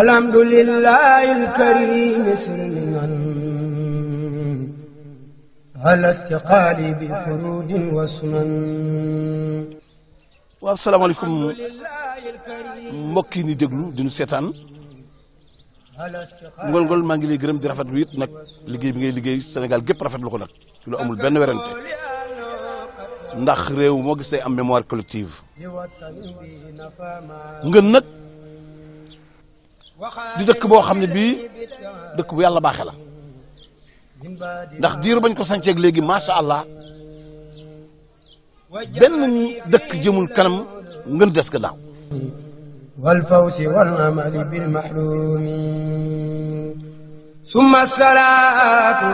alhamdulillahi alkarim silmiman ala bi furudin wa waaw salaamaaleykum mbokk yi ni déglu di seetaan ngol ngol maa ngi lay gërëm di rafetlu it nag liggéey bi ngay liggéey Sénégal gépp rafetlu ko nag ci amul benn werante ndax réew moo gis am mémoire collective ngeen nag di dëkk boo xam ne bii dëkk bu yàlla baaxe la ndax diiru bañ ko sanceeg léegi macha allah benn dëkk jëmul kanam ngën des ga daaw walfawsi walamali bilmahrumi summa salaatu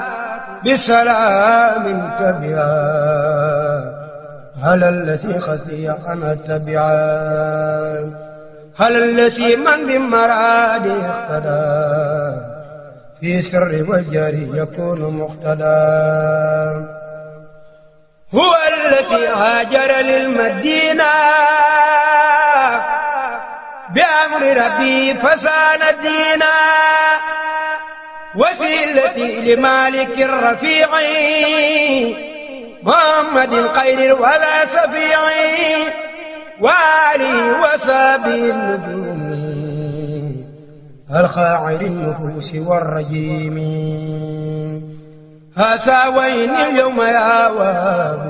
bisalaamin tabia ala allasi xasiya ana tabia halal la si man bi maraadi ixtada fi sirri wal jari yakunu muqtada huwa allasi haajara lil madina bi amri rabbi fasaana diina wasilati li maliki rafiici muhammadin xayril wala safiici وآله وصحبه النجوم الخاعر النفوس والرجيم هساوين اليوم يا واب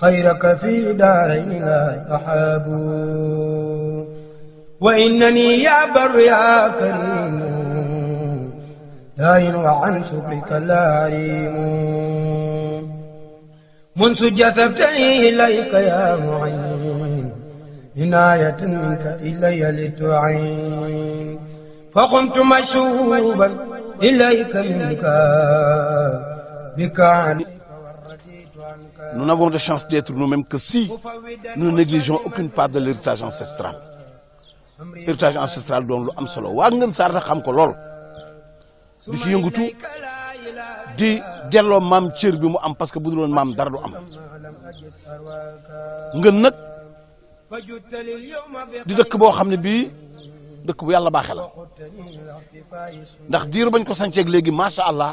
خيرك في دارين لا يحاب وإنني يا بر يا كريم دائن وعن شكرك لا أريم منذ جسبتني إليك يا معين عناية منك إلي لتعين فقمت مشوبا إليك منك بك عنك Nous n'avons de chance d'être nous-mêmes que si nous ne négligeons aucune part de l'héritage ancestral. Héritage ancestral doon lu am solo wa ngeen saar xam ko lool di ci yëngatu di delloo maam cër bi mu am parce que bu dul maam dara du am ngën nag di dëkk boo xam ne bii dëkk bu yàlla baaxee la ndax diiru bañ ko sanceeg léegi macha allah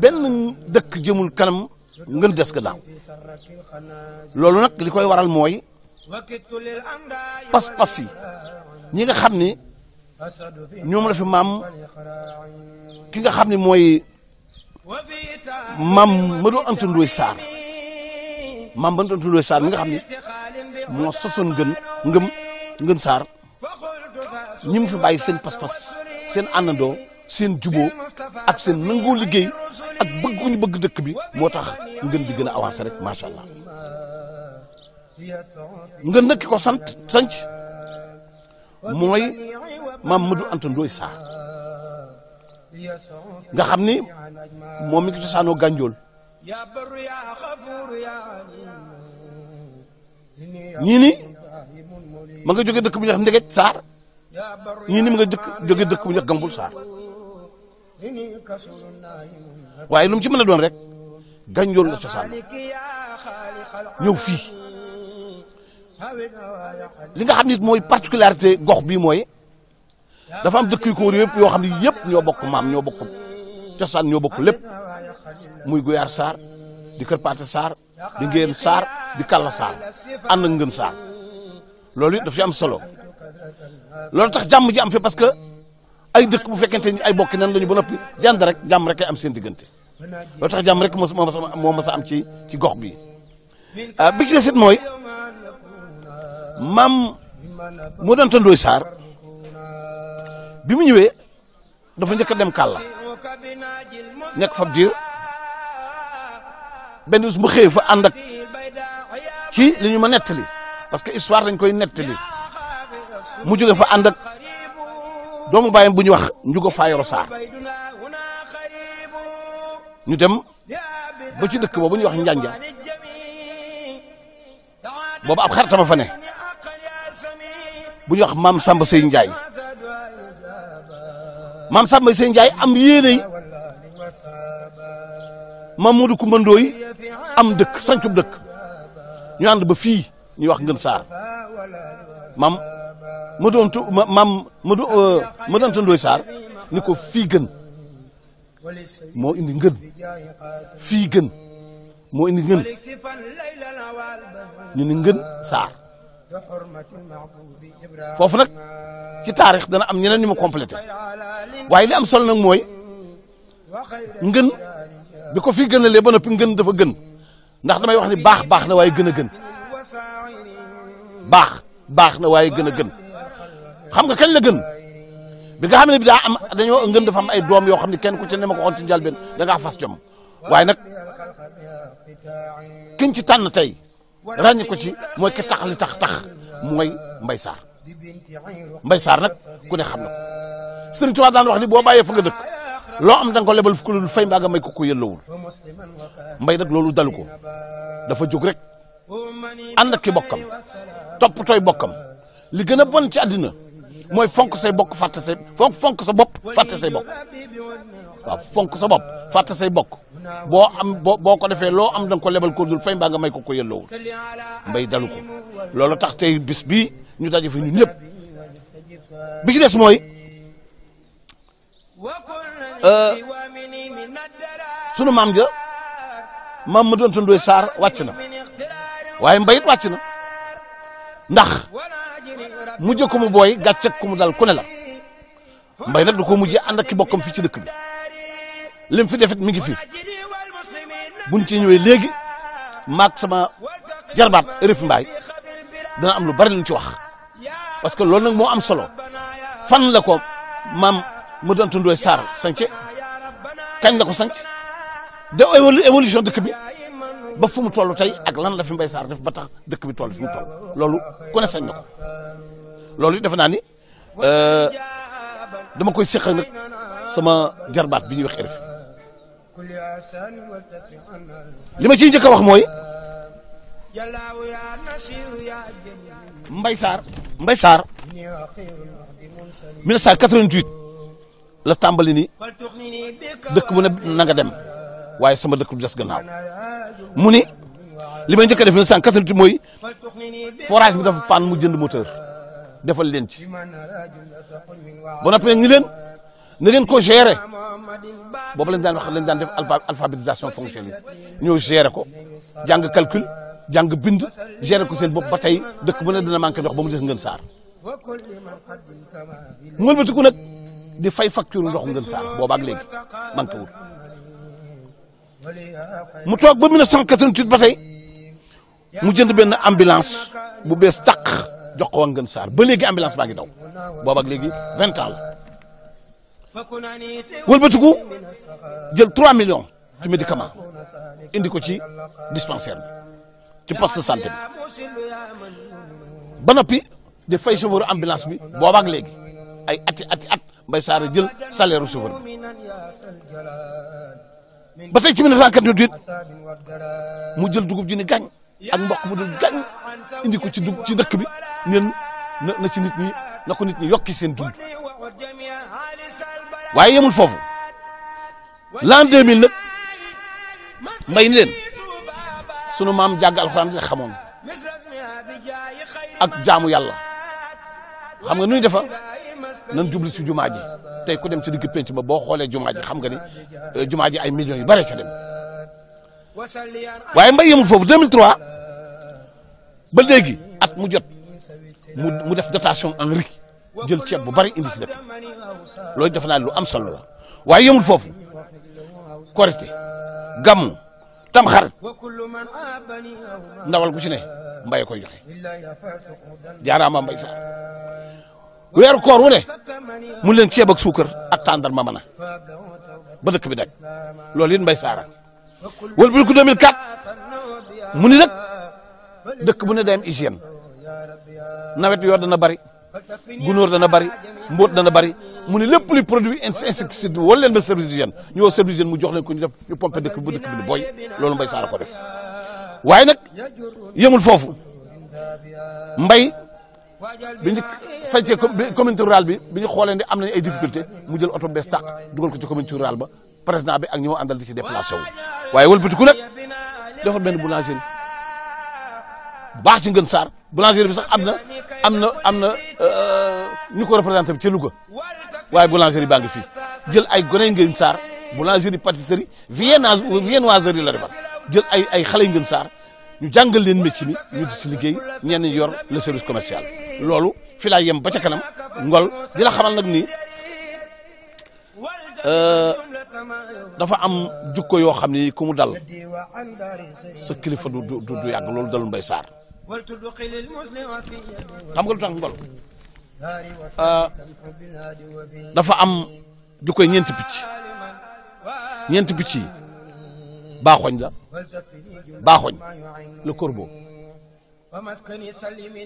benn dëkk jëmul kanam ngën des ga daaw loolu nag li koy waral mooy pas-pas yi ñi xam ni ñoom la fi maam ki nga xam ne mooy maam Madou Anta Ndoye Sarr maam Madou Anta Ndoye Sarr mi nga xam ne moo soson gën ngëm ngën Sarr ñi mu fi bàyyi seen pas-pas seen àndandoo seen juboo ak seen nangoo liggéey ak bëgg ñu bëgg dëkk bi moo tax ngën di gën a avancé rek macha allah ngën nag ko sanc mooy Mamadou Anta Ndoye Sarr nga xam ni moom mi ngi cosaanoo Gànjool ñii ni ma nga jóge dëkk bu ñuy wax Ndegeej Sarr ñii ni ma nga jëkk jóge dëkk bu ñuy wax Gambul Sarr waaye lu ci mën a doon rek Gànjool la cosaanoo ñëw fii li nga xam ni mooy particularité gox bii mooy dafa am dëkk yu ko yëpp yoo xam ne yëpp ñoo bokk maam ñoo bokk cosaan ñoo bokk lépp muy Guyaar Sarr di Kër Paate Sarr di Ngéen Sarr di Kalla Sarr ànd Ngën Sarr loolu it daf am solo loolu tax jàmm ji am fi parce que ay dëkk bu fekkente ni ay bokki nan la ñu ba noppi jànd rek jàmm rek ay am seen diggante loolu tax jàmm rek moo moo mës a am ci ci gox bi ah, bi ci des it mooy maam moo doon tëndooy Sarr. bi mu ñëwee dafa njëkk a dem kàlla nekk fa diir benn bis mu xëy fa ànd ci li ñu ma nettali parce que histoire dañ koy nettali mu jóge fa ànd ak doomu bàyyam bu ñu wax njugo faayoro saar ñu dem bu ci dëkk boobu ñuy wax njanja boobu ab xaritama fa ne wax maam Samba Sey Njaay maam Samba Sëñ Ndiaye am yéene maam Modou Coumba Ndoye am dëkk sancub dëkk ñu ànd ba fii ñuy wax ngën saar maam ma doon tu maam ma euh, ni ko fii gën moo indi ngën fii gën moo indi ngën ñu ni ngën saar foofu nag ci taarix dana am ñeneen ñu mu complété waaye li am solo nag mooy ngën bi ko fi gënalee ba noppi ngën dafa gën ndax damay wax ni baax baax na waaye gën a gën baax baax na waaye gën a gën xam nga keñ la gën bi nga xam ne bi daa am dañoo ngën dafa ay doom yoo xam ne kenn ku ci ne ma ko xoon ci njëlbeen da fas jom waaye nag kiñ ci tànn tey ràññi ko ci mooy ki tax li tax tax mooy Mbay Saar Mbay Saar nag ku ne xam na ko Sëriñ waa daan wax ni boo bàyyee fa nga dëkk loo am da nga ko lebal fu ko dul fay mbaa may ko ko yëllawul mbay nag loolu dalu ko dafa jóg rek ànd ak ki bokkam toppatooy bokkam li gën a bon ci àddina mooy fonk say bokk fàtte say fonk fonk sa bopp fàtte say bokk waaw fonk sa bopp fàtte say bokk boo am boo ko defee loo am da ko lebal ko dul fay mbaa nga may ko ko yelloo mbay dalu loolo tax tey bis bi ñu daje fi ñun ñëpp bi ci des mooy euh, sunu maam ja maam ma doon tundoy Sarr wàcc na waaye mbay wàcc na ndax mujj ku mu booy gàcce ku mu dal ku ne la mbay nag du ko mujjee ànd ak ki bokkam fii ci dëkk bi. lim fi defit mi ngi fi buñ ci ñëwee léegi maag sama jarbaat Ërif Mbaay dana am lu bari luñ ci wax parce que loolu nag moo am solo fan la ko maam mu doon tundooy Sarr sanc kañ la ko sanc de évolution dëkk bi ba fu mu toll tey ak lan la fi Mbay Sarr def ba tax dëkk bi toll fi mu toll loolu ku ne sañ na ko loolu it defe naa ni euh, dama koy séq nag sama jarbaat bi ñuy wax Ërif li ma ci njëkk wax mooy Mbaye Sarr Mbaye Sarr 1988 la tàmbali ni dëkk bu ne na nga dem waaye sama dëkk du des gannaaw mu ni li may njëkk a def 1988 mooy forage bi dafa panne mu jënd moteur defal leen ci ba noppi nag ko gérer boobu lañ daan wax lañ daan def alphabétisation fonctionnelle ñëw gérer ko jàng calcul jàng bind gérer ko seen bopp ba tey dëkk bu ne dina manqué ndox ba mu des ngën saar mën ba tukku nag di fay facture ndox ngën saar boobaak léegi manqué wul mu toog ba 1988 ba tey mu jënd benn ambulance bu bees tàq jox ko waa ngën saar ba léegi ambulance baa ngi daw boobaak léegi vingt wëlbatiku jël 3 millions ci médicament indi ko ci dispensaire bi ci poste de bi ba noppi di fay chauffeur ambulance bi boobaak léegi ay ati ati at Mbaye Saara jël salaire u ba tey ci 1948 mu jël dugub ji ni gàñ ak mboq mu dul gàñ indi ko ci dug dëkk bi neen na ci nit ñi na ko nit ñi yokki seen dund waaye yemul foofu l'an 2000 nag mbay ni leen sunu maam jàgg alxuraan la xamoon ak jaamu yàlla xam nga nu ñu defa nan jubli si jumaa ji tey ku dem si digg penc ba boo xoolee jumaa xam nga ni euh, jumaa ji ay millions yu bare ca dem waaye mbay yemul foofu 2003 ba léegi at mu jot mu def dotation en riz jël ceeb bu bari indi ci dëkk loolu defe naa lu am solo la waaye yëmul foofu korite gàmmu tam xarit ndawal gu ci ne mbay koy joxe jaaraama mbay sax weeru koor wu ne ceeb ak suukar ak tàndarma mën ba dëkk bi daj loolu it mbay saara wala bu ko 2004 mu ni nag dëkk bu ne day am hygiène nawet yor dana bari gunóor dana bari mbóot dana bari mu ne lépp lu produit insecticide bi wala leen ba service d'hygiène ñu woo service d'hygiène mu jox leen ko ñu def ñu pompé dëkk ba dëkk bi di boy loolu mbay saara ko def waaye nag yemul foofu mbay bi ñu sañcee communauté rural bi bi ñu xoolee di am na ay difficulté mu jël oto bees tàq dugal ko ci communauté rural ba président bi ak ñi ma àndal di ci déplacé wu waaye wëlbatiku nag defar benn boulangerie baax ci ngën saar boulangerie bi sax am na am na am na euh, ñu ko ci Louga waaye boulangerie baa ngi fii jël ay gone ngeen saar boulangerie pâtisserie viennoise viennoiserie la defar jël ay ay xale ngeen saar ñu jàngal leen métier mi ñu di ci liggéey ñenn yor le service commercial. loolu fi laa yem ba ca kanam ngol di la xamal nag ni euh, dafa am jukko yoo xam ni ku mu dal sa kilifa du du du yàgg loolu dalul mbay saar xam nga lu ngol. dafa am jukkoy ñeenti picc ñeenti picc yi baaxoñ la baaxoñ le corbeau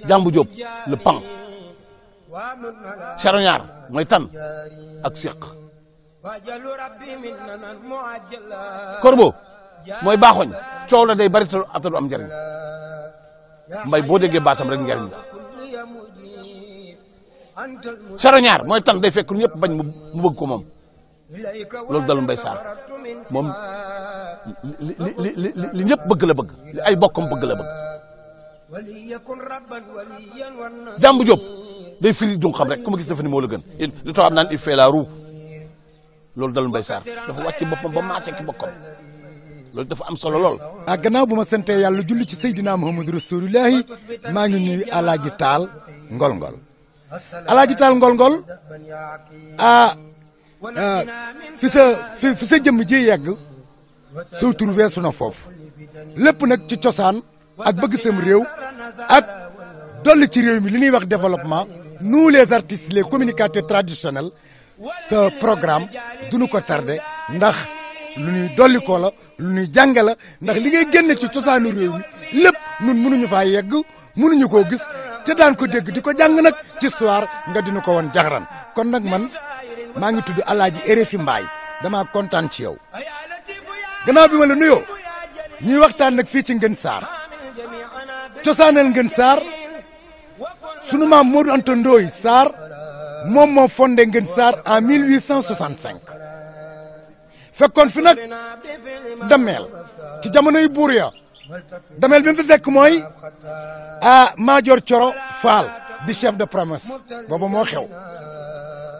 jàmbu jóob le paon charognard mooy tan ak siq corbeau mooy baaxoñ coow la day bari te ata du am njariñ mbay boo déggee baatam rek njariñ la sarañaar mooy tan day fekk lu ñëpp bañ mu bëgg ko moom loolu dalu Mbay Saar moom li li li li ñëpp bëgg la bëgg li ay bokkam bëgg la bëgg jàmbu Jóob day firi du xam rek kuma ma gis dafa ni moo la gën li tax am naan il fait la roue loolu dalu Mbay Saar dafa wàcc boppam ba maase ki bokkam loolu dafa am solo lool. ah gannaaw bu ma sentee yàlla julli ci Seydina Muhammadu Rasulullahi maa ngi nuyu Alaaji Taal Ngol Ngol. alaaji taal ngol-ngol ah fi sa fi fi sa jëmm ji yegg soo trouvé su na foofu lépp nag ci cosaan ak bëgg sam réew ak dolli ci réew mi li ñuy wax développement nous les artistes les communicateurs traditionnels ce programme duñu ko tardé ndax lu ñuy dolli ko la lu ñuy jànge ndax li ngay génne ci cosaanu réew mi lépp nun mënuñu faa yegg mënuñu ko gis te daan ko dégg di ko jàng nag ci histoire nga dina ko woon jaxaran kon nag man maa ngi tudd alaaji fi Mbaay damaa kontaan ci yow gannaaw bi ma la nuyoo ñuy waxtaan nag fii ci Ngën Saar cosaanal Ngën Saar sunu maa Modou Anta Ndoye Sarr moom moo fondé Ngën Saar en 1865 fekkoon fi nag dameel ci jamonoy buur ya damel bi mu fi fekk mooy a Major Coro Fall di chef de promesse booba moo xew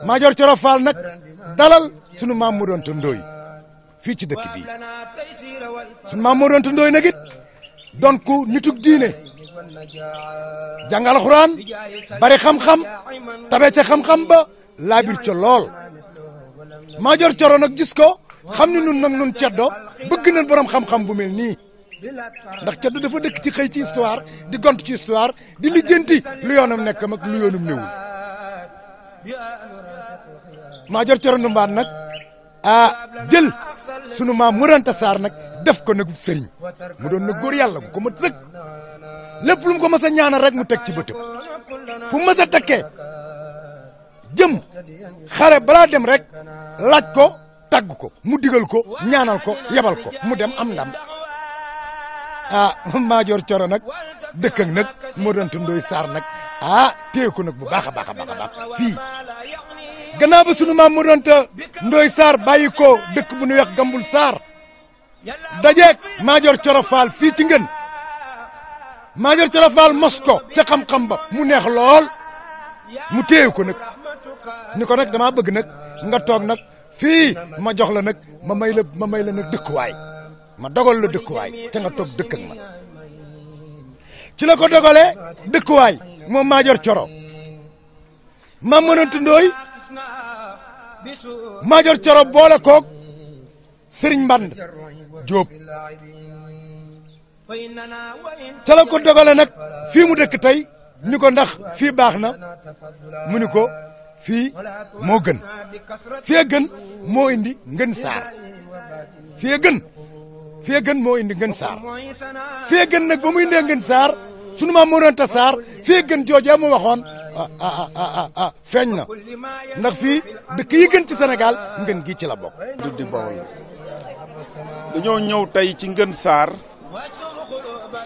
Major Coro Fall nag dalal sunu maam mu doon tëndooy fii ci dëkk bii sunu maam mu doon tëndooy nag it doon ku nitug diine xuraan bari xam-xam tabe ca xam-xam ba laabir ca lool Major Coro nag gis ko xam ni nun nag nun ceddo bëgg nañ borom xam-xam bu mel nii ndax ceddu dafa dëkk ci xëy ci histoire di gont ci histoire di lijjanti lu yoonam nekkam ak lu yoonam newul maa jor corondo mbaat nag a jël sunu maam mëranta saar nag def ko nagub sëriñ mu doon na góor yàlla gu ko mat sëkk lépp lum ko mas a ñaanal rek mu teg ci bëtëm fu mu mas a takkee jëm xare balaa dem rek laaj ko tagg ko mu digal ko ñaanal ko yebal ko mu dem am ndam ah maajoor coro nag dëkk ak nag moo doon tundooy saar nag ah teeku nag bu baax a baax a baax a baax fii gannaaw ba sunu maam mu doon ta ndooy saar bàyyi ko dëkk bu nu yax gambul saar dajeeg maajoor coro faal fii ci ngen maajoor coro faal mos ko ca xam-xam ba mu neex lool mu téye ku nag ni ko nag damaa bëgg nag nga toog nag fii ma jox la nag ma may la ma may la nag dëkkuwaay ma dogal la dëkkuwaay te nga toog dëkk ak man ci la ko dogalee dëkkuwaay moom maajoor coro ma mënantu ndooy maajoor coro boole koog sëriñ mband jóob ca la ko dogale nag fii mu dëkk tey ñu ko ndax fii baax na mu ni ko fii moo gën fii gën moo indi ngën saar fii gën fee gën moo indi ngën saar fee gën nag ba mu indee ngën saar sunu maam moo doon ta saar fee gën joojee mu waxoon ah, ah, ah, ah feeñ na ndax fi dëkk yi gën ci senegal ngën gi ci la bokk. duddi Bawol ñëw tey ci ngën saar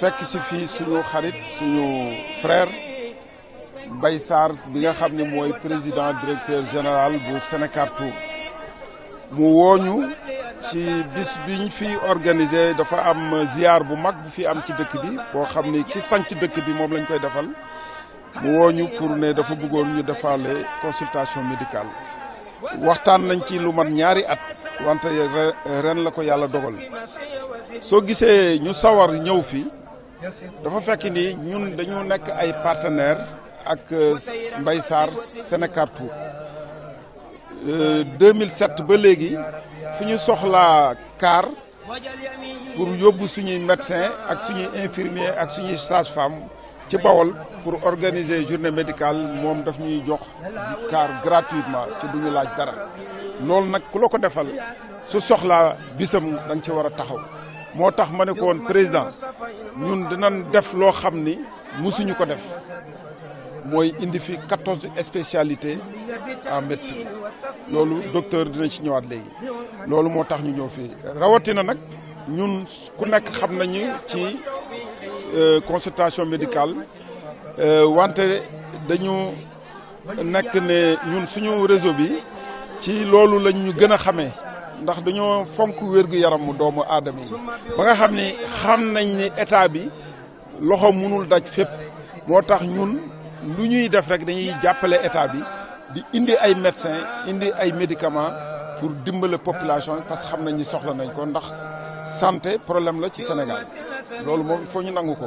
fekk si fii suñu xarit suñu frère Mbaye Sarr bi nga xam ne mooy président directeur général bu Sénécartour mu wooñu ci bis biñ fi organisé dafa am ziar bu mag bu fi am ci dëkk bi boo xam ni ki sanc dëkk bi moom lañ koy defal mu woo ñu pour ne dafa buggoon ñu defaale consultation médicale waxtaan nañ ci lu man ñaari at wante ren la ko yàlla dogal soo gisee ñu sawar ñëw fi dafa fekk nii ñun dañu nekk ay partenaires ak Mbaye Sarr Sénécartour Euh, mille 2007 ba léegi fu ñu soxlaa car pour yóbbu suñuy médecin ak suñuy infirmier ak suñuy sage-femme ci Bawol pour organiser journée médicale moom daf ñuy jox car gratuitement ci duñu laaj dara loolu nag ku la ko defal su soxlaa bisam da nga ci war a taxaw moo tax ma ne ko woon président ñun dinañ def loo xam ni musuñu ko def mooy indi fi quatorze spécialités en médecine loolu docteur dina ci ñëwaat léegi loolu moo tax ñu ñëw fii rawatina nag ñun ku nekk xam nañu ci euh, consultation médicale euh, wante dañu nekk ne ñun suñu réseau bi ci loolu lañ ñu gën a xamee ndax dañoo fonk wérgu yaramu doomu aadama yi ba nga xam ni xam nañ ni état bi loxo mënul daj fépp moo tax ñun lu ñuy def rek dañuy jàppale état bi di indi ay médecins indi ay médicament pour dimbale population parce que xam nañ ni soxla nañ ko ndax santé problème la ci Sénégal loolu moom foo ñu nangu ko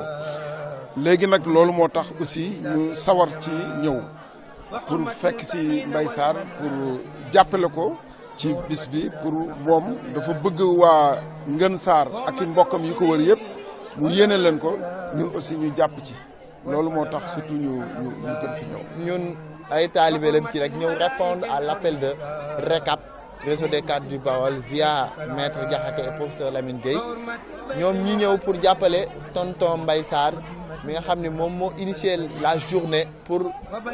léegi nag loolu moo tax aussi ñu sawar ci ñëw pour fekk si Mbaye Sarr pour jàppale ko ci bis bi pour moom dafa bëgg waa Ngën Sarr ak i mbokkam yi ko wër yëpp mu yéene leen ko ñun aussi ñu jàpp ci. loolu moo tax surtout ñu ñu gën fi ñëw. ñun ay taalibe lañ ci rek ñëw répondre à lappel de RECAP réseau des cadres du Baol via maître Diakhaté et professeur Lamine Gueye ñoom ñi ñëw pour jàppale tonton mbay Sarr mi nga xam ne moom moo initier la journée pour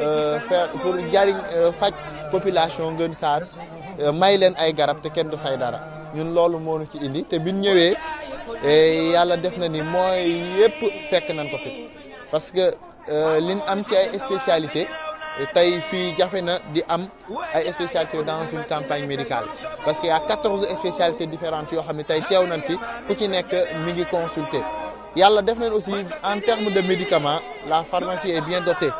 euh, faire pour jariñ euh, faj population Ngën Sarr euh, may leen ay garab te kenn du fay dara ñun loolu moo ñu ci indi te biñ ñëwee eh, yàlla def na ni mooy yëpp fekk nañ ko fi. parce que euh, liñ am ci ay spécialité tey fii jafe na di am ay spécialités dans une campagne médicale parce que y a quatorze spécialités yoo xam ne tey teew nañ fi ku ci nekk mi ngi consulter yàlla def nañ aussi en terme de médicaments la pharmacie est bien dotée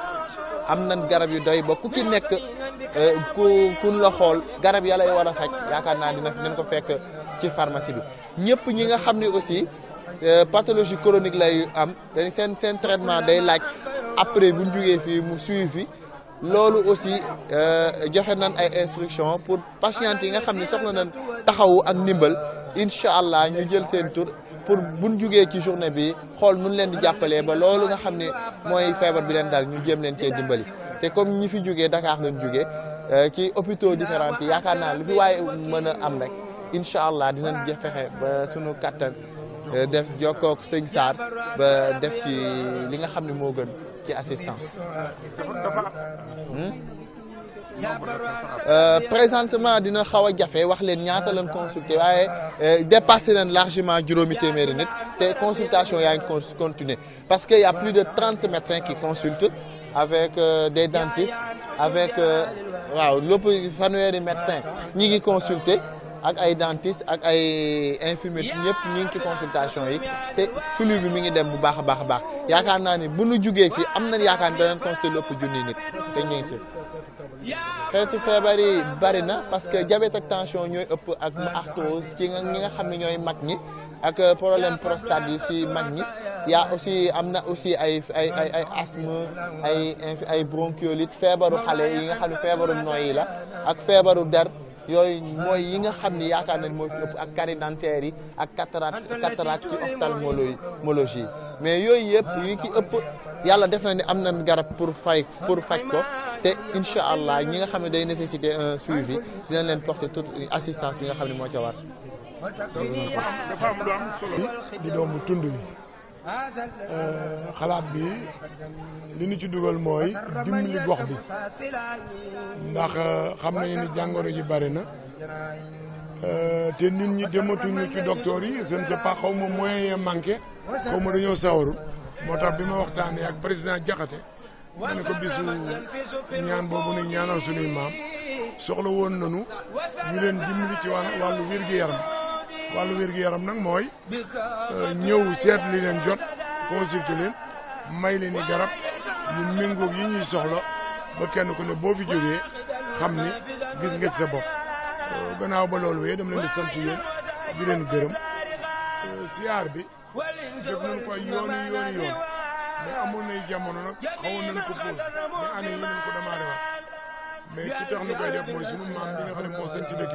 am na garab yu doy ba ku ci nekk euh, ku kun la xool garab yàlla lay war a faj yaakaar naa dina fi nañ ko fekk ci pharmacie bi ñëpp ñi nga xam ne aussi Euh, pathologie chronique lay am dañ seen seen traitement day laaj après bu ñu jugee fii mu suivi loolu aussi euh, joxe nañ ay instructions pour patients yi nga xam ne soxla nañ taxawu ak ndimbal incha allah ñu jël seen tur pour bu ñu jugee ci journée bi xool nu leen di jàppale ba loolu nga xam ni mooy feebar bi leen daal ñu jëm leen cee dimbali te comme ñi fi jógee Dakar lañu jugee euh, ci hôpitaux différents yi yaakaar naa lu fi waaye mën a am rek incha allah dinañ fexe ba sunu kattan. Euh, def jokkook sëñ Sarr def ci li nga xam ne moo gën ci assistance. Hmm? Euh, présentement dina xaw a jafe wax leen ñaata lañ consulté waaye euh, dépassé nañ largement juróomi téeméeri nit te consultation yaa ngi continuer parce que y a plus de trente médecins qui consultent avec des dentistes avec waaw lépp fanweeri médecins ñi ngi consulter. ak ay dentiste ak ay infirmier ñëpp ñu ngi ci consultation yi te flux bi mu ngi dem bu baax a baax a baax yaakaar naa ni bu nu jugee fii am na yaakaar ne danañ constaté lu ëpp junni nit te ñu ngi ci xeetu feebar yi bari na parce que diabète ñooy ëpp ak mu arthrose ci nga xam ne ñooy mag ñi ak problème prostate yi si mag ñi yaa aussi am na aussi ay ay ay ay asthme ay ay bronchiolite feebaru xale yi nga xam ne feebaru noyyi la ak feebaru der yooyu mooy yi nga xam ni yaakaar nañ mooy fi ëpp ak carie dentaire yi ak cataracte cataracte ci ophtalmologie mais yooyu yëpp yi ki ëpp yàlla def na ni am na garab pour fay pour faj ko te incha allah ñi nga xam ne day nécessité un suivi dinañ leen porter toute assistance bi nga xam ne moo ca war. dafa am di doomu tund wi. Euh, xalaat bi li ñu ci dugal mooy dimbali gox bi ndax euh, xam nañu ni jàngoro ji bari na euh, te nit ñi dematuñu ci docteur yi je ne sais pas xaw ma moyen yee manqué xaw dañoo sawaru moo tax bi ma waxtaanee ak président Diakhaté ma ne ko bisu ñaan boobu nu ñaanal suñuy maam soxla woon nanu ñu leen dimbali ci wàllu wér-gu-yaram wàllu wér-gu-yaram nag mooy euh, ñëw seet li leen jot consulté leen may leen i ñu yi ñuy soxla ba kenn ku ne boo fi jógee xam ni gis nga ci sa bopp euh, gannaaw ba loolu wee dama leen di sant yéen di gërëm siyaar euh, bi def nañ ko yooni yooni yoon mais amoon nay jamono nag xawoon nañ ko pause mais année yi nañ ko démarré waat mais ci tax ñu koy def mooy sunu maam bi nga xam moo sañ ci dëkk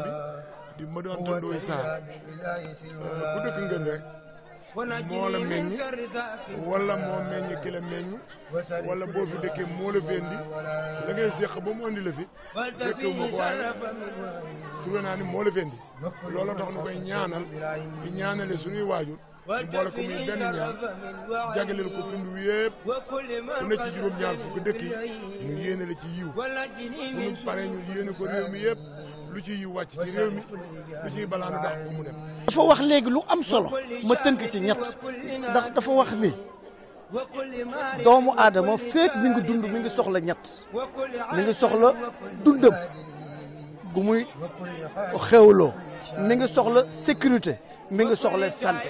di ma doon tëddooy saar ku dëkk ngeen rek moo la meññ wala moo meññ ki la meññ boo fi dëkkee moo la fi indi la ngay séq ba mu indi la fi fekkewu ma naa ni moo la fi indi looloo tax nu koy ñaanal di ñaanale suñuy waajur ñu boole ko muy benn ñaar jagleel ko tund ku ne ci juróom-ñaar fukk dëkk yi ñu yéene ci yiw bu ñu paree ñu yéene ko réew mi lu ci réew mi lu ciy mu dem. dafa wax léegi lu am solo ma tënk ci ñett ndax dafa wax ni doomu aadama feek mi ngi dund mi ngi soxla ñett mi ngi soxla dundam gu muy xewloo mi ngi soxla sécurité mi ngi soxla santé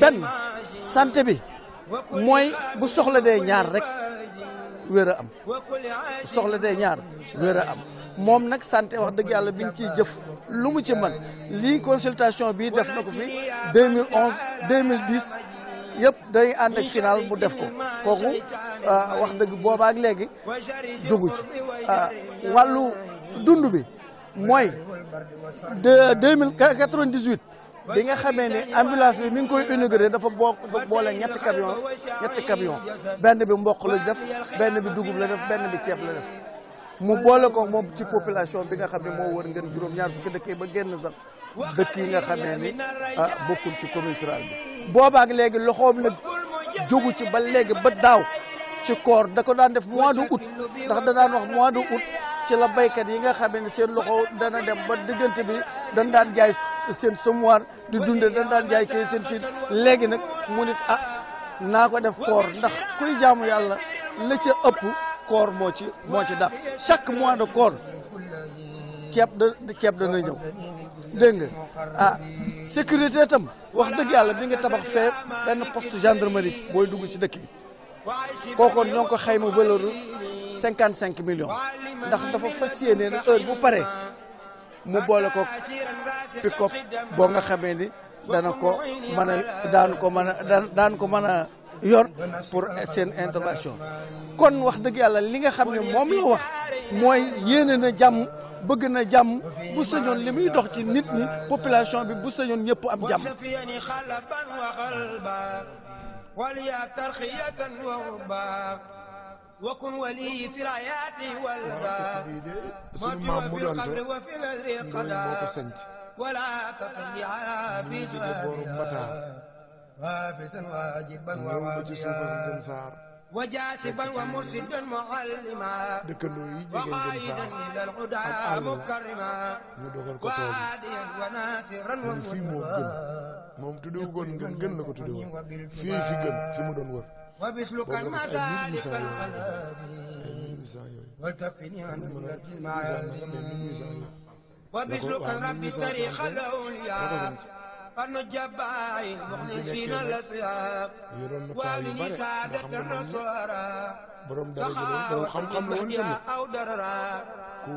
benn santé bi mooy bu soxla dee ñaar rek wér a am soxla dee ñaar wér a am moom nag sante wax dëgg yàlla bi nga ciy jëf lu mu ci man lii consultation bi def na ko fi 2011 2010 yëpp day ànd ak final bu def ko kooku ah, wax dëgg boobaak léegi dugg ci ah, wàllu dund bi mooy de deux mille quatre vingt dix bi nga xamee ne ambulance bi mi ngi koy inauguré dafa bokk boole ñetti camion ñetti camion benn bi mboq la def benn bi dugub la def benn bi ceeb la def mu boole ko moom ci population bi nga xam ne moo war ngeen juróom-ñaar fukki dëkk yi ba génn sax dëkk yi nga xamee ni ah bokkul ci commune rurale bi. boobaak léegi loxoom nag jógu ci ba léegi ba daaw ci koor da ko daan def mois de août ndax da mois de août ci la baykat yi nga xamee ni seen loxo dana dem ba diggante bi dañ daan jaay seen semoir di dunde dañ daan jaay kii seen kii léegi nag mu ne ah naa ko def koor ndax kuy jaamu yàlla la ca ëpp. koor moo ci moo ci dàq chaque mois de koor ceeb da ceeb dana ñëw dégg nga ah sécurité itam wax dëgg yàlla bi nga tabax fee benn poste gendarmerie booy dugg ci dëkk bi kookoon ñoo ngi ko xayma valeur cinquante cinq million ndax dafa fas yéeneen heure bu pare mu boole ko pick-up boo nga xamee ni dana ko mën a daan ko mën a daan ko mën a yor pour seen intervention kon wax dëgg yàlla li nga xam ne moom la wax mooy yéene na jàmm bëgg na jàmm bu sañoon li muy dox ci nit ñi population bi bu sañoon ñëpp am jàmm wakun wali fi layaati wal ba suñu maam mu doon te ndooy moo ko sanc wala tafia fi booru mbataa حافظا واجبا وواقيا وجاسبا ومرشدا معلما وقائدا الى الهدى مكرما وهاديا وناصرا ومرشدا moom tuddee woon ngeen gën la ko tuddee woon fii fi gën fi mu doon wër. boobu la ko ay mille huit cent yooyu ay mille huit cent yooyu. fanu jabaay muxlisiina la siyaab waaw li ni saadata nasoora borom dara ji xam-xam la woon tamit aw darara ku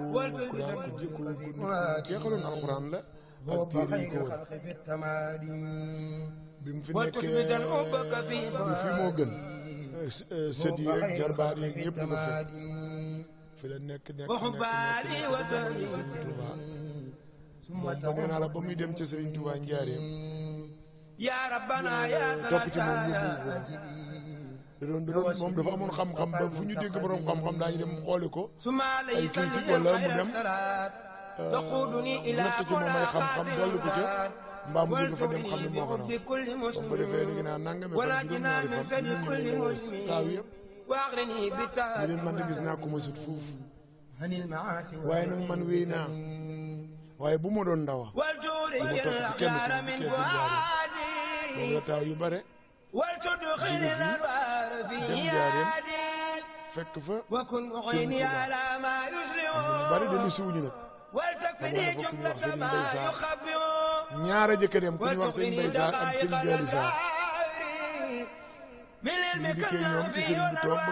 ku daan ku ku jeexaloon alxuraan la ak téere yi ko bi mu fi nekkee bi fi moo gën sët yi ak jarbaar yi ñëpp la fekk fi la nekk nekk nekk nekk nekk dama naa la ba muy dem ca Serigne Touba Njaareem topp ci moom da doon da doon moom dafa amoon xam-xam ba fu ñu dégg borom xam-xam daañu dem xooli ko ay critique wala mu dem natt euh, ci moom ay xam-xam dellu ko ca mbaa mu jóge fa dem xam ne moo ko raw ba mu defee da nga naan nangam fan juróom-ñaari fan ñu ñëwee ñu ngi taaw yëpp ñu leen man de gis naa ko ma sut fuuf waaye nag man wéy naa. waaye bu ma doon ndawa dama topp ci kenn ku ci jaaree nga taa yu bare jóge fii dem jaareen fekk fa seen xibaar ñu bari dellu si wuñu nag amoon na fa ku ñu wax Serigne Mbaye Sarr ñaara jëkkëram ku ñu wax Serigne Mbaye Sarr ak Serigne Dialli Sarr suñu dikkee ñoom ci Serigne bi toog ba di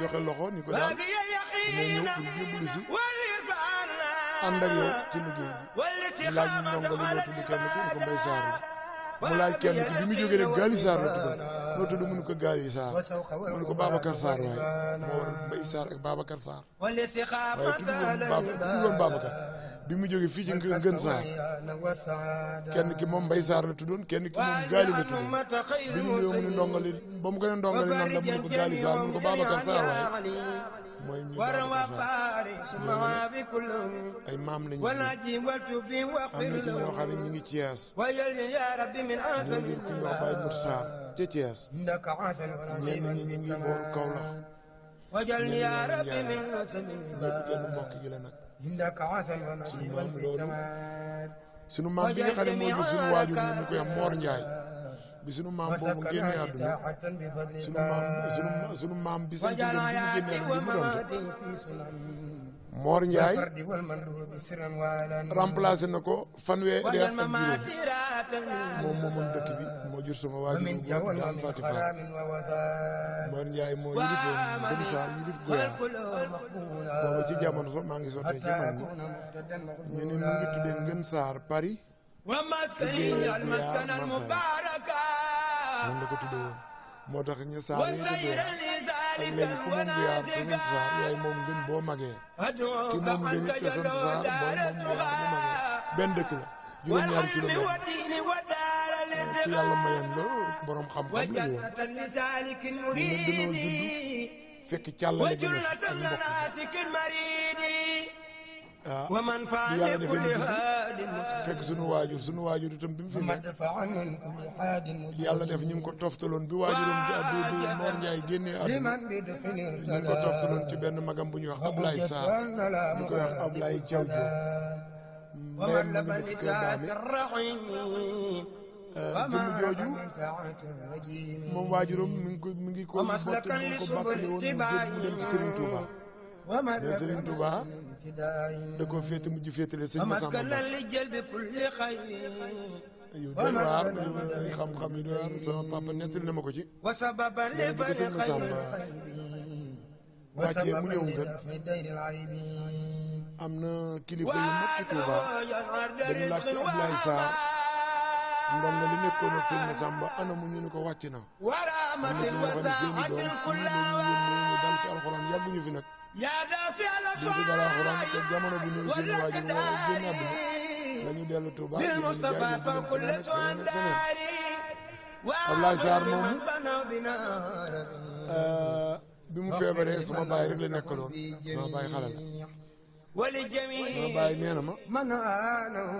joxe loxo ni ko daal dina ñëw si ànd ak yow ci liggéey bi mu laaj ndongo kenn ki la mu bi mu jógee rek gaali saar la tudd moo tudd mënu ko gaali saar mënu ko Babacar Saar waaye moo waral saar ak Babacar bi mu jógee fii ci Ngën Saar kenn ki moom mbay saar la tuddoon kenn ki moom gaali la tuddoon bi ñu mu ne ndongo ba mu gën a ndongo li la mënu ko gaali saar mënu ko Babacar Saar waaye mooy ñu ay maam lañu am na ci ñoo xam ne ñu ngi Thiès ñu ngi ku ñoo Baye Mour Sarr ca Thiès ñenn ñi ñu ngi nag suñu maam loolu suñu maam bi nga xam ne moo jur suñu waajur ñu koy bi sunu maam boobu génne àdduna sunu maam sunu sunu maam bi sant ngeen bi mu génne àdduna mu doon Mor Ndiaye remplacé na ko fanweeri ak juróom moom moomoon dëkk bi moo jur sama waajur bu góor daan Fati Fall Mor Ndiaye moo yilifoon Gëm Saar yilif Goya booba ci jamono sax maa ngi sottee ci man ñi ñu ne mu ngi tuddee Ngën Saar Paris tuddee al mubaaraka noonu la ko tuddee woon moo tax ñu saar yi tuddee ak léegi ku moom moom gën boo magee ki moom gën it te sant saar mooy moom biyaar bu magee benn dëkk la juróom-ñaari kilomètre ci yàlla mayoon borom xam-xam la woon ñu ne dañoo judd fekk càllale gi ak mbokk ah di yàlla defee nii fekk sunu waajur sunu waajur itam bi mu fi nekk yàlla def ñu ngi ko toftaloon bi waajuram bi bi Mor Ndiaye génnee àdduna ñu ngi ko toftaloon ci benn magam bu ñuy wax Ablaye Sarr ñu koy wax Ablaye mu ngi dëkk Kër Daame jëmm jooju moom waajuram mi ngi ko mi ko botte ko bàqale woon mu dem ci Serigne waa Serigne Touba da koo féete yi doy waar sama papa nettali mu ñëw ngeen am na kilifa yu mag ci Touba dañu laajte Abdoulaye Sarr ndongo li nekkoon ak ko na am na ci ñoo xam ne seen i doom fii la ñu yónnee ñu dal ci alxuraan yàgguñu fi nag ñu fi dal alxuraan te jamono bu ñëw seen waajur war a génn àdduna la ñu euh, bi mu feebaree sama baay rek la nekkaloon sama baay xale sama bàyyi nee na ma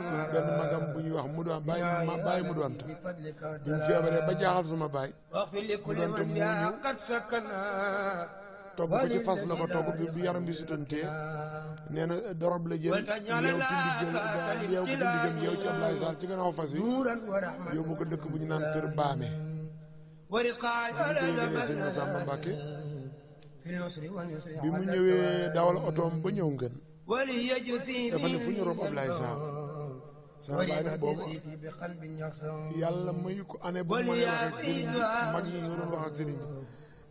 sama benn magam bu ñuy wax mu doon bàyyi ma bàyyi mu doon ta bu ñu feebaree ba jaaxal sama bàyyi mu ta mu ñëw togg ci fas la ko togg bi yaram bi sutantee nee na dorob la jël yeew ci ndigg yeew ko ci ndiggam ci Ablaye fas wi yóbbu ko dëkk bu ñu naan kër baame déedéet bi mu ñëwee dawal otoom ba ñëw ngeen dafa ne fu ñu rob Ablaye Sarr sama baay nag boobu yàlla mayu ko année bu mu mënee wax ak sëriñ bi mag ñi ñoo doon wax ak sëriñ bi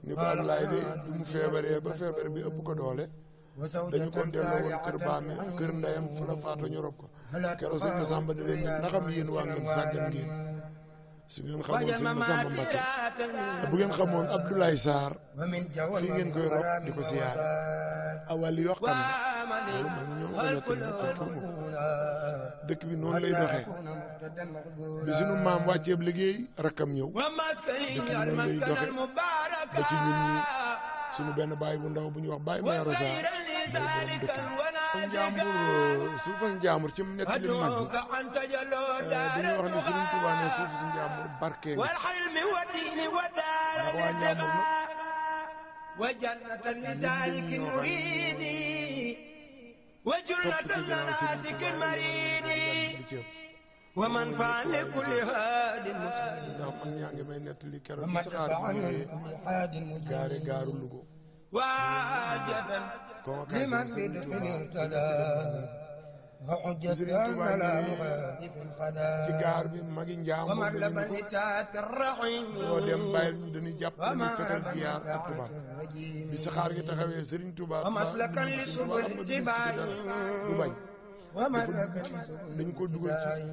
ni ko Ablaye de bi mu feebaree ba feebar bi ëpp ko doole dañu ko delloo woon kër baame kër ndeyam fu faatoo ñu ko keroog sëñ Samba da leen ne ndaxam waa ngeen sàggan ngeen su ngeen xamoon sëñ Masamba Mbacke bu ngeen xamoon Abdoulaye Sarr fii ngeen koy rob di ko siyaar awal yoo xam ne loolu man ñoo ko nettali nag fekk mu dëkk bi noonu lay doxee bi sunu maam wàcceeb liggéey rakkam ñëw dëkk bi noonu lay doxee ba ci ñun ñi sunu benn baay bu ndaw bu ñuy wax baay Mayoro Sarr mooy borom dëkk bi. njàmbur suufas njàmbur ci nekk li mag eh, dañuy wax ni Sëriñ Tuubaa suuf si njàmbur barke nga waa njàmbur nag wa man faa nekkul haadin muslim. ndax man ñaa ngi may nettali keroog. bi saxaar bi ñëwee gaare gaaru Louga. لمن بدفن اهتدى Sëriñ Tuubaa ngi nii ci gaar bi magi njaam moom danañu ko boo dem bàyyil ñu dañuy jàpp dañuy fetal jiyaar ak tubaab bi saxaar gi taxawee Sëriñ Tuubaa du bañ dañ ko dugal ci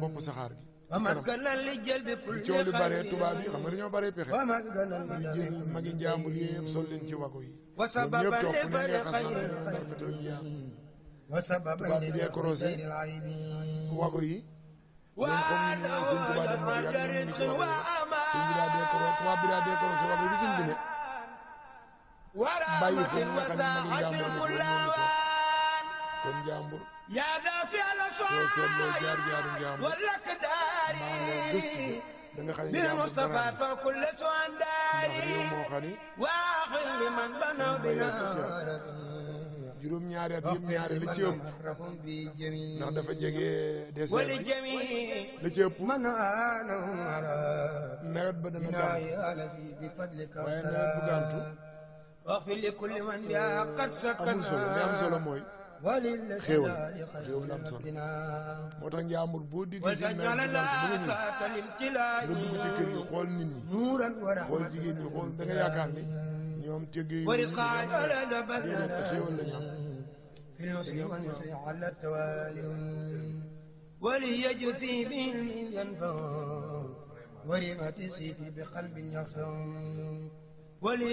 bopp saxaar gi li coow li bare tubaab yi xam nga dañoo bare pexe ñu jël magi njaambur yëpp sol leen ci wago yi ñoom ñëpp toog ku ne ngay xas naan dañoo nar fetal yaa tubaab bi dee korosé wago yi ñoom comme suñ tubaab dem na yàgg nañu ni ci wago yi suñ bi daa dee korosé tubaab bi daa dee korosé wago yi bi suñ bi ne bàyyi fi nga xam ne magi njaambur la kon njaambur yaa daafi alaswaar wallak daari bil Mustafa fa kulle suwaan daari waaxin li man banaw binaarabi juróom ñaari at yëpp ñaari li ci ëpp ndax dafa jege décembre li ci ëpp nawet ba dana gàntu waaye nawet bu gàntu amul solo li am solo mooy xéewal xéewal am solo moo tax njaambur boo déggee seen mère bu nga dugg ci kër gi xool nit ñi xool jigéen ñi xool da nga yaakaar ni ñoom teggee yu déedéet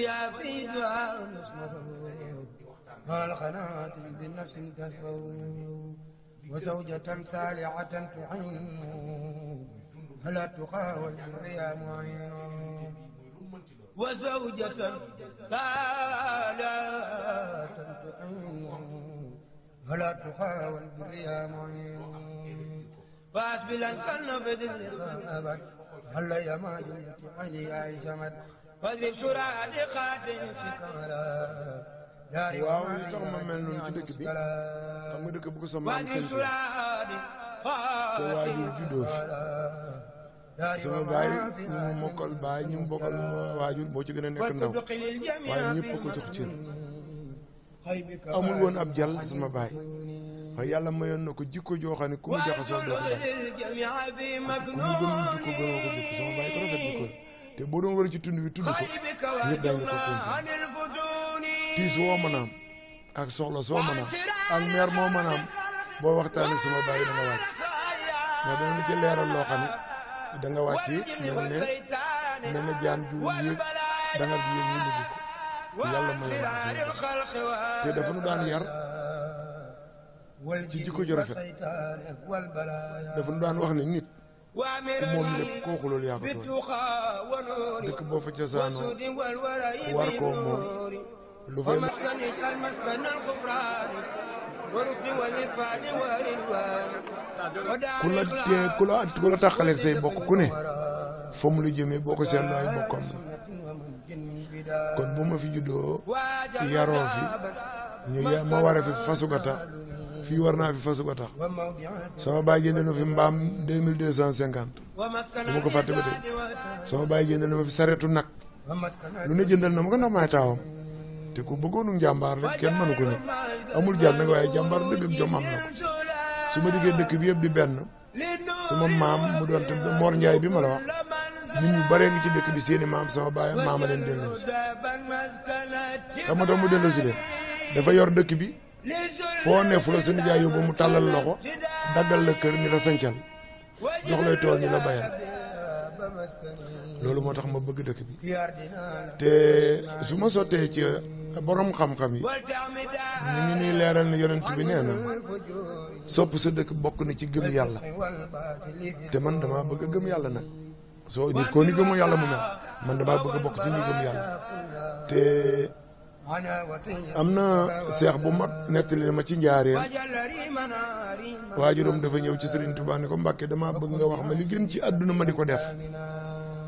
xéewal la ñu am. ما القناعة بنفس تسبو وزوجة سالعة تعين فلا تقاول الريا معين وزوجة سالعة تعين فلا تقاول بالريا معين فاسبلا كالنفذ الرقابة هل يما جلت عني عيسمت واذبب سرعة لخاتمك كملا waaw li tax ma mel noonu ci dëkk bi xam nga dëkk bu ko sa maam seen fi sa sama baay ñu mu mokkal baay ñu mu bokkal waajur moo ci gën a nekk ndaw waaye ñëpp ko jox cër amul woon ab jàll sama baay yàlla mayoon na ko jikko joo xam ne ku mu jaxasoo doo ko bàyyi ku mu gëm jikko gënoo ko jikko sama baay ko rafet jikko la te boo doon wër ci tund wi tudd ko ñëpp daañu ko confié tiis woo mën am ak soxla soo mën a am ak meer moo mën am boo waxtaanee sama bàyyi da nga wàcc mais loo xam ne da nga wàcc mel ne mel ne jaan da nga yéeg ju rafet dafa daan wax ne moom lépp koo xulul yaa boo fa cosaanoo war koo moom Louvain ku la tee ku la ku la taxaleeg ku ne fa mu la jëmee boo ko seetloo ay bokkam kon bu ma fi juddoo yaroo fi ñu ya ma war fasugata fii war naa fi fasuga tax sama baay jënd na fi mbaam deux mille deux cent cinquante du ma ko fàtte ba tey sama baay jëndal na ma fi saretu nag lu ne jëndal na ma ko ndax maay taawam te ku bëggoonu njàmbaar rek kenn mënu ko amul jàll nag waaye jàmbaar dëgg ak su ma diggee dëkk bi yëpp bi benn sama maam mu doon te Mor bi ma la wax nit ñu bare ngi ci dëkk bi seeni maam sama baay maam a leen delloo si xam nga mu delloo si dafa yor dëkk bi foo ne fu la sa nijaay yóbbu mu tàllal loxo daggal la kër ñi la sancal jox lay tool ñi la bayal loolu moo tax ma bëgg dëkk bi te su ma sottee ci borom xam-xam yi ñu ngi leeral ne yonent bi nee na sopp sa dëkk bokk na ci gëm yàlla te man damaa bëgg gëm yàlla na soo nit koo ni gëmu yàlla mu mel man damaa bëgg bokk ci ñi gëm yàlla te am na seex bu mag nettali ma ci waa waajuram dafa ñëw ci Serigne Touba ne ko Mbàkke dama bëgg nga wax ma li gën ci àdduna ma di ko def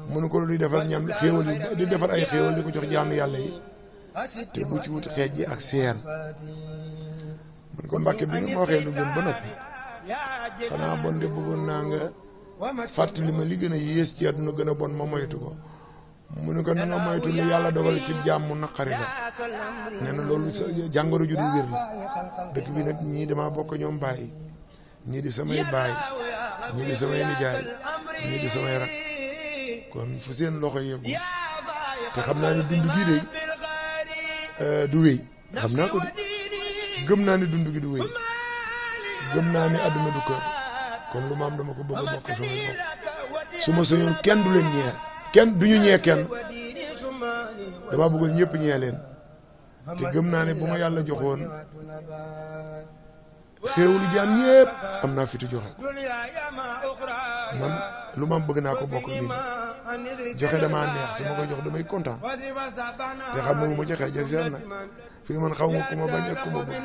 mu ne ko lu di defar ñam xéewal yi di defar ay xéewal di ko jox jaamu yàlla yi te bu ci wut xeej yi ak seen mu ne ko Mbàkke bi nga ma waxee lu gën ba noppi xanaa bon de bëggoon naa nga fàttali ma li gën a yées ci àdduna gën a bon ma moytu ko mu ne ko na nga moytu lu yàlla dogal ci jàmm mu naqari la nee na loolu sa jàngoro ju dul la dëkk bi nag ñii dama bokk ñoom bàyyi ñii di samay baay ñii di samay nijaay ñii di rak kon fu seen loxo yeggu te xam naa ne dund gi euh, xam naa gëm naa ne dund gi du wéy gëm naa ne àdduna lu ma am dama ko bëgg a bokk sama bopp su kenn du leen ñeer kenn du ñu ñee kenn dama bëggoon ñëpp ñee te gëm naa ne bu ma yàlla joxoon xéewlu jaam ñëpp am naa fitu joxe man lu ma bëgg naa ko bokk nit joxe damaa neex su ma koy jox damay kontaan te xam na bu ma joxee jeg seen nag man xaw ma ku ma bañ ak ku ma bëgg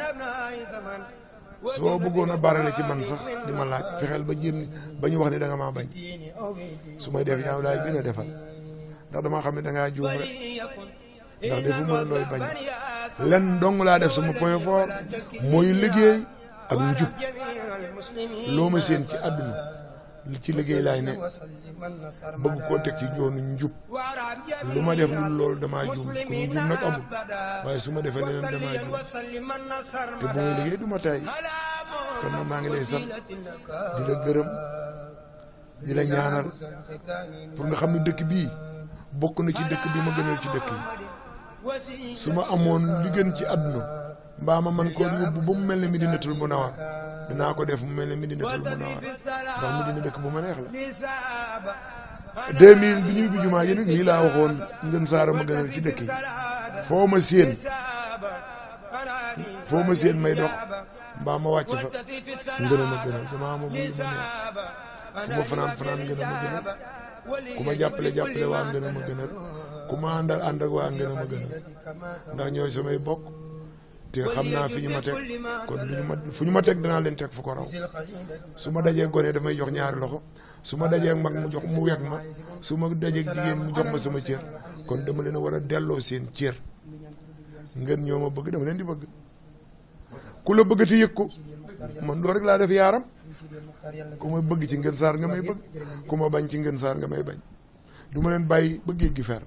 soo bëggoon a la ci man sax di ma laaj fexeel ba jéem ba bañu wax ni da ma maa bañ su may def ñaaw laay gën a defal ndax damaa xam ne da ngaa juum rek ndax defu ma looy bañ len dong laa def sama point fort mooy liggéey ak njub loo ma seen ci àdduna ci liggéey laay ne bëgg koo teg ci joonu njub lu ma def lu loolu damaa juum ku mu juum nag amul waaye su ma defee leneen damaa juum te bu may liggéey du ma tay kon nag maa ngi lay sant gërëm di la nga xam dëkk bii bokk na ci dëkk bi ma gënal ci dëkk yi su amoon li gën ci àdduna mbaa ma man koo yóbbu ba mu mel ne Medinatul Munawwar dinaa ko def mu mel ne Medinatul Munawwar ndax Medina dëkk bu ma neex la 2000 bi ñuy bi jumaa ji nag lii laa waxoon ngën saara ma gënal ci dëkk yi foo ma séen foo ma séen dox mbaa ma wàcc fa ngën a ma gënal damaa ma bëgg ma neex fu ma fanaan fanaan ngën a ma gënal ku ma jàppale jàppale waa samay bokk te xam naa fi ñu ma teg kon ma fu ñu ma teg danaa leen teg fu ko raw su ma dajee gone damay jox ñaari loxo su ma dajee mag mu jox mu wekk ma su ma dajee jigéen mu jox ma sama cër kon dama leen a war a delloo seen cër ngeen ñoo ma bëgg dama leen di bëgg ku la bëgg te yëg ko man loolu rek laa def yaaram ku ma bëgg ci ngeen saar nga may bëgg ku ma bañ ci ngeen saar nga may bañ du ma leen bàyyi bëggee gi fer